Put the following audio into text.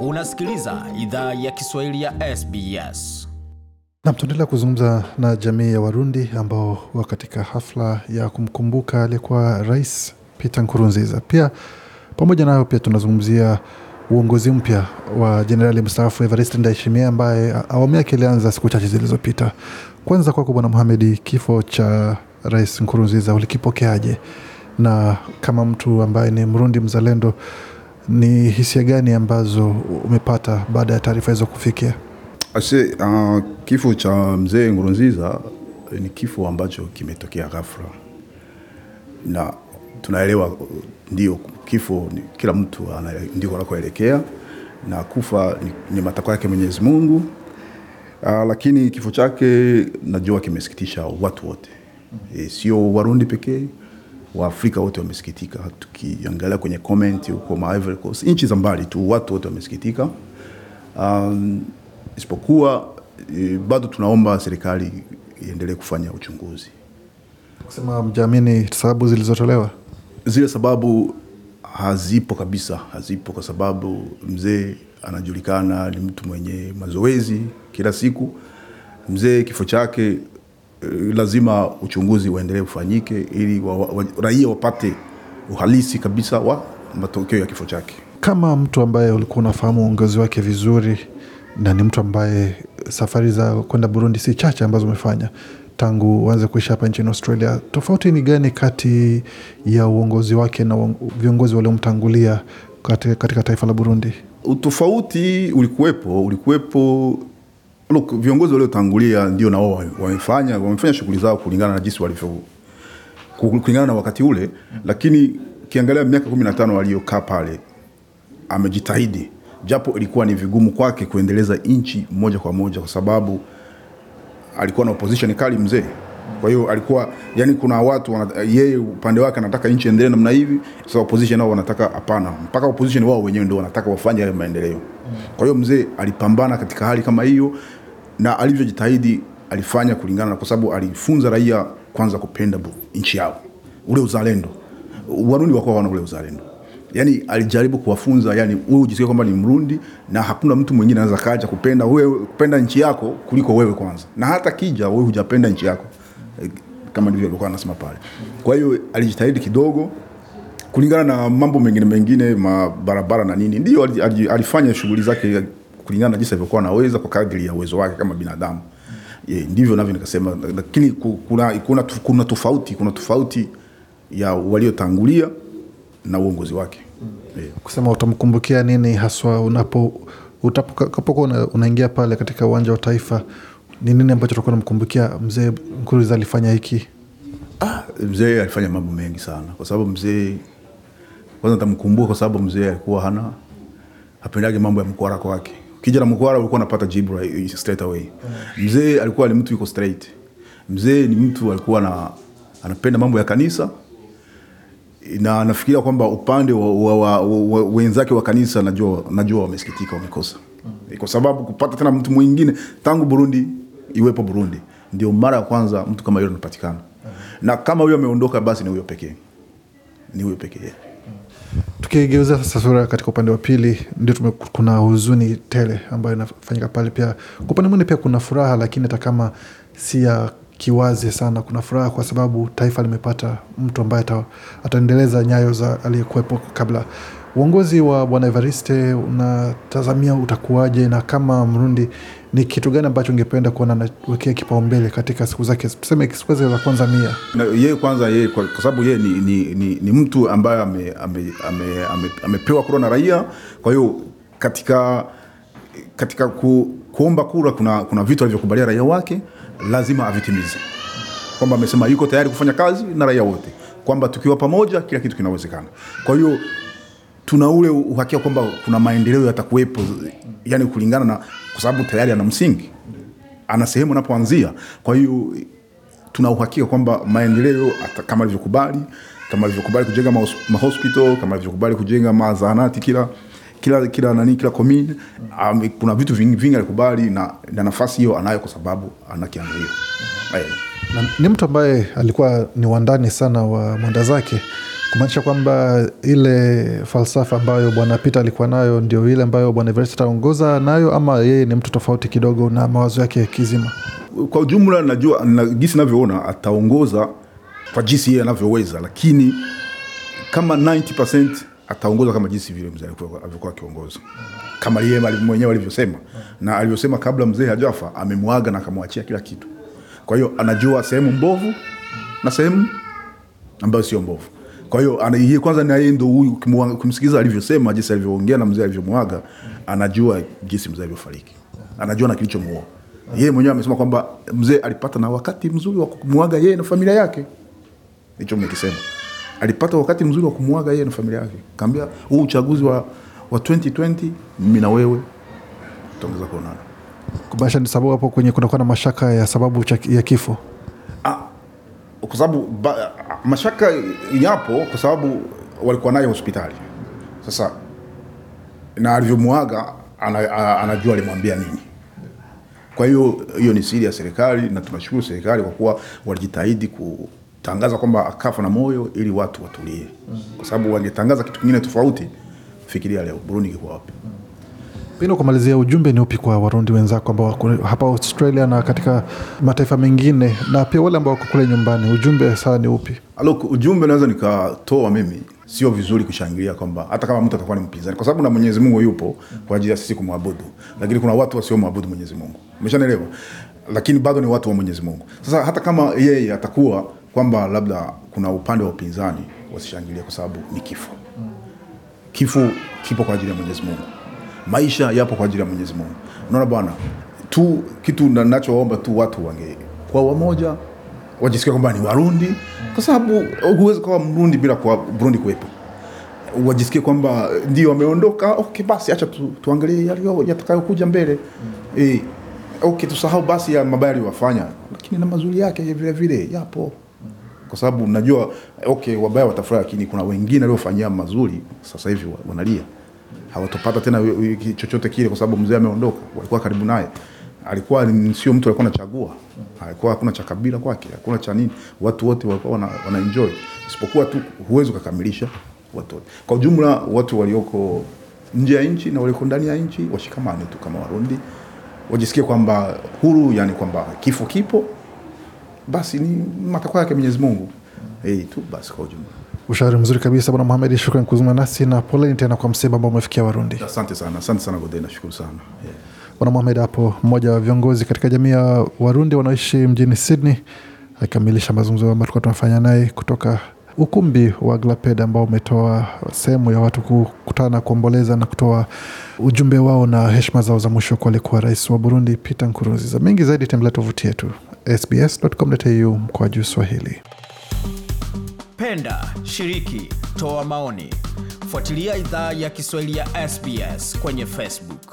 Unasikiliza idhaa ya Kiswahili ya SBS. Nam, tunaendelea kuzungumza na jamii ya Warundi ambao wa katika hafla ya kumkumbuka aliyekuwa Rais Peter Nkurunziza. Pia pamoja nayo pia tunazungumzia uongozi mpya wa jenerali mstaafu Evarist Ndayishimiye ambaye awamu yake ilianza siku chache zilizopita. Kwanza kwako Bwana Muhamedi, kifo cha Rais Nkurunziza ulikipokeaje? Na kama mtu ambaye ni Mrundi mzalendo ni hisia gani ambazo umepata baada ya taarifa hizo kufikia? Ase, uh, ah, kifo cha mzee ngurunziza ni kifo ambacho kimetokea ghafla, na tunaelewa ndio kifo ni, kila mtu ndiko anakoelekea na kufa ni, ni matakwa yake Mwenyezi Mungu. Uh, lakini kifo chake najua kimesikitisha watu wote, e, sio Warundi pekee Waafrika wote wamesikitika. Tukiangalia kwenye comment huko Ivory Coast, nchi za mbali tu, watu wote wamesikitika. Um, isipokuwa e, bado tunaomba serikali iendelee kufanya uchunguzi kusema mjamini sababu zilizotolewa zile sababu hazipo kabisa, hazipo kwa sababu mzee anajulikana ni mtu mwenye mazoezi kila siku. Mzee kifo chake Eh, lazima uchunguzi uendelee ufanyike ili wa, wa, raia wapate uhalisi kabisa wa matokeo ya kifo chake. Kama mtu ambaye ulikuwa unafahamu uongozi wake vizuri, na ni mtu ambaye safari za kwenda Burundi si chache ambazo umefanya tangu uanze kuishi hapa nchini Australia, tofauti ni gani kati ya uongozi wake na viongozi waliomtangulia katika taifa la Burundi? Utofauti ulikuwepo, ulikuwepo look, viongozi waliotangulia ndio na wao wamefanya wamefanya shughuli zao kulingana na jinsi walivyo kulingana na wakati ule, lakini kiangalia miaka 15 waliokaa pale amejitahidi, japo ilikuwa ni vigumu kwake kuendeleza nchi moja kwa moja, kwa sababu alikuwa na opposition kali mzee. Kwa hiyo alikuwa yani, kuna watu wana, yeye upande wake anataka nchi endelee namna hivi, sasa opposition nao wanataka hapana, mpaka opposition wao wenyewe ndio wanataka wafanye hayo maendeleo. Kwa hiyo mzee alipambana katika hali kama hiyo, na alivyojitahidi alifanya kulingana, kwa sababu alifunza raia kwanza kupenda nchi yao, ule uzalendo. Warundi wakuwa wana ule uzalendo yani alijaribu kuwafunza yani wewe ujisikie kwamba ni Mrundi na hakuna mtu mwingine anaweza kaja kupenda wewe kupenda nchi yako kuliko wewe kwanza, na hata kija wewe hujapenda nchi yako eh, kama ndivyo alikuwa anasema pale. Kwa hiyo alijitahidi kidogo kulingana na mambo mengine mengine, mabarabara na nini, ndio alifanya shughuli zake kulingana na jinsi alivyokuwa anaweza kwa kadri ya uwezo wake kama binadamu yeah, ndivyo navyo nikasema lakini kuna, kuna, kuna tofauti kuna tofauti ya waliotangulia na uongozi wake yeah. kusema utamkumbukia nini haswa unapo utakapokuwa unaingia pale katika uwanja wa taifa ni nini ambacho utakuwa namkumbukia mzee mkuruza alifanya hiki ah, mzee alifanya mambo mengi sana kwa sababu mzee kwanza tamkumbuka kwa sababu mzee alikuwa hana hapendage mambo ya mkwarako wake Ukija na mkwara ulikuwa unapata jibu straight away. Mzee alikuwa ni mtu yuko straight. Mzee ni mtu alikuwa na anapenda mambo ya kanisa na nafikiria kwamba upande wa, wa, wa, wa, wenzake wa kanisa najua, najua wamesikitika wamekosa mm. kwa sababu kupata tena mtu mwingine tangu Burundi iwepo Burundi ndio mara ya kwanza mtu kama yule anapatikana mm. na kama huyo ameondoka basi ni huyo pekee ni huyo pekee tukigeuzia sasa sura katika upande wa pili ndio kuna huzuni tele ambayo inafanyika pale pia kwa upande mwingine pia kuna furaha lakini hata kama si ya kiwazi sana kuna furaha kwa sababu taifa limepata mtu ambaye ataendeleza nyayo za aliyekuwepo kabla Uongozi wa Bwana Evariste unatazamia utakuwaje, na kama Mrundi ni kitu gani ambacho ungependa kuona anawekea kipaumbele katika siku zake, tuseme siku zake za kwanza mia? Na yeye kwanza, yeye kwa, kwa sababu yeye ni, ni, ni, ni mtu ambaye amepewa ame, ame, ame, ame kura na raia. Kwa hiyo katika, katika ku, kuomba kura kuna, kuna vitu alivyokubalia raia wake lazima avitimize, kwamba amesema yuko tayari kufanya kazi na raia wote, kwamba tukiwa pamoja kila kitu kinawezekana. Kwa hiyo tuna ule uhakika kwamba kuna maendeleo yatakuwepo, yani kulingana na, kwa sababu tayari ana msingi, ana sehemu anapoanzia. Kwa hiyo tuna uhakika kwamba maendeleo kama alivyokubali kama alivyokubali kujenga mahospital, kama alivyokubali kujenga mazahanati kila kila kila nani kila komini um, kuna vitu vingi vingi alikubali na, na nafasi hiyo anayo kwa sababu ana mm Ni mtu ambaye alikuwa ni wandani sana wa mwanda zake kumaanisha kwamba ile falsafa ambayo bwana Peter alikuwa nayo ndio ile ambayo bwana Evarist ataongoza nayo, ama yeye ni mtu tofauti kidogo na mawazo yake kizima? Kwa ujumla, najua na jinsi navyoona ataongoza kwa jinsi yeye anavyoweza, lakini kama 90% ataongoza kama jinsi vile mzee alivyokuwa akiongoza kama yeye mwenyewe alivyosema, na alivyosema kabla mzee hajafa amemwaga na akamwachia kila kitu. Kwa hiyo anajua sehemu mbovu na sehemu ambayo sio mbovu kwa hiyo anaiye kwanza, na yeye ndo huyu, ukimsikiliza alivyosema, jinsi alivyoongea na mzee alivyomwaga, anajua jinsi mzee alivyofariki, anajua na kilichomuua yeye mwenyewe. Amesema kwamba mzee alipata na wakati mzuri wa kumwaga yeye na familia yake, hicho mmekisema, alipata wakati mzuri wa kumwaga yeye na familia yake. Kaambia huu uchaguzi wa, wa 2020 mimi na wewe tutaongeza kuonana kubasha ni sababu hapo kwenye kunakuwa na mashaka ya sababu ya kifo ah, kwa sababu mashaka yapo kwa sababu walikuwa naye hospitali. Sasa na alivyomwaga anajua alimwambia nini. Kwa hiyo hiyo ni siri ya serikali, na tunashukuru serikali kwa kuwa walijitahidi kutangaza kwamba akafa na moyo ili watu watulie, kwa sababu wangetangaza kitu kingine tofauti, fikiria leo Burundi ingekuwa wapi. Pengine kumalizia, ujumbe ni upi kwa Warundi wenzako ambao wako hapa Australia na katika mataifa mengine, na pia wale ambao wako kule nyumbani, ujumbe sana ni upi? Alo, ujumbe naweza nikatoa mimi, sio vizuri kushangilia kwamba hata kama mtu atakuwa ni mpinzani, kwa sababu na Mwenyezi Mungu yupo kwa ajili ya sisi kumwabudu, lakini kuna watu wasiomwabudu Mwenyezi Mungu, umeshanielewa? Lakini bado ni watu wa Mwenyezi Mungu. Sasa hata kama yeye atakuwa kwamba labda kuna upande wa upinzani, wasishangilie kwa sababu ni kifo. Kifo kipo kwa ajili ya Mwenyezi Mungu, maisha yapo kwa ajili ya Mwenyezi Mungu. Unaona bwana tu, kitu ninachoomba tu watu wange kwa wamoja wajisikia kwamba ni Warundi, kwa sababu huwezi kuwa Mrundi bila kuwa Burundi kuwepo wajisikie kwamba ndio wameondoka. Okay, basi acha tu, tuangalie yatakayokuja mbele mm. E, okay, tusahau basi ya mabaya aliyowafanya, lakini na mazuri yake vile vile yapo, mm. kwa sababu najua okay, wabaya watafurahi, lakini kuna wengine waliofanyia mazuri sasa hivi wanalia, mm. hawatopata tena chochote kile, kwa sababu mzee ameondoka, walikuwa karibu naye alikuwa sio mtu alikuwa anachagua, alikuwa hakuna cha kabila kwake, hakuna cha nini, watu wote walikuwa wana, wana enjoy, isipokuwa tu huwezi kukamilisha watu wote kwa ujumla. Watu walioko nje ya nchi na walioko ndani ya nchi washikamane tu kama Warundi, wajisikie kwamba huru, yani kwamba kifo kipo, basi ni matakwa yake Mwenyezi Mungu. Hey, tu basi kwa ujumla. Ushauri mzuri kabisa Bwana Muhamedi, shukran kuzungumza nasi na poleni tena kwa msiba ambao umefikia Warundi. Asante sana, asante sana Gode, nashukuru sana yeah. Bwana Mohamed hapo, mmoja wa viongozi katika jamii ya Warundi wanaoishi mjini Sydney, akikamilisha mazungumzo ambayo tulikuwa tunafanya naye kutoka ukumbi wa Glaped ambao umetoa sehemu ya watu kukutana, kuomboleza na kutoa ujumbe wao na heshima zao za mwisho kwa aliyekuwa rais wa Burundi peter Nkurunziza. Mengi zaidi tembelea tovuti yetu sbs.com.au kwa juu Swahili. Penda, shiriki, toa maoni, fuatilia idhaa ya Kiswahili ya SBS kwenye Facebook.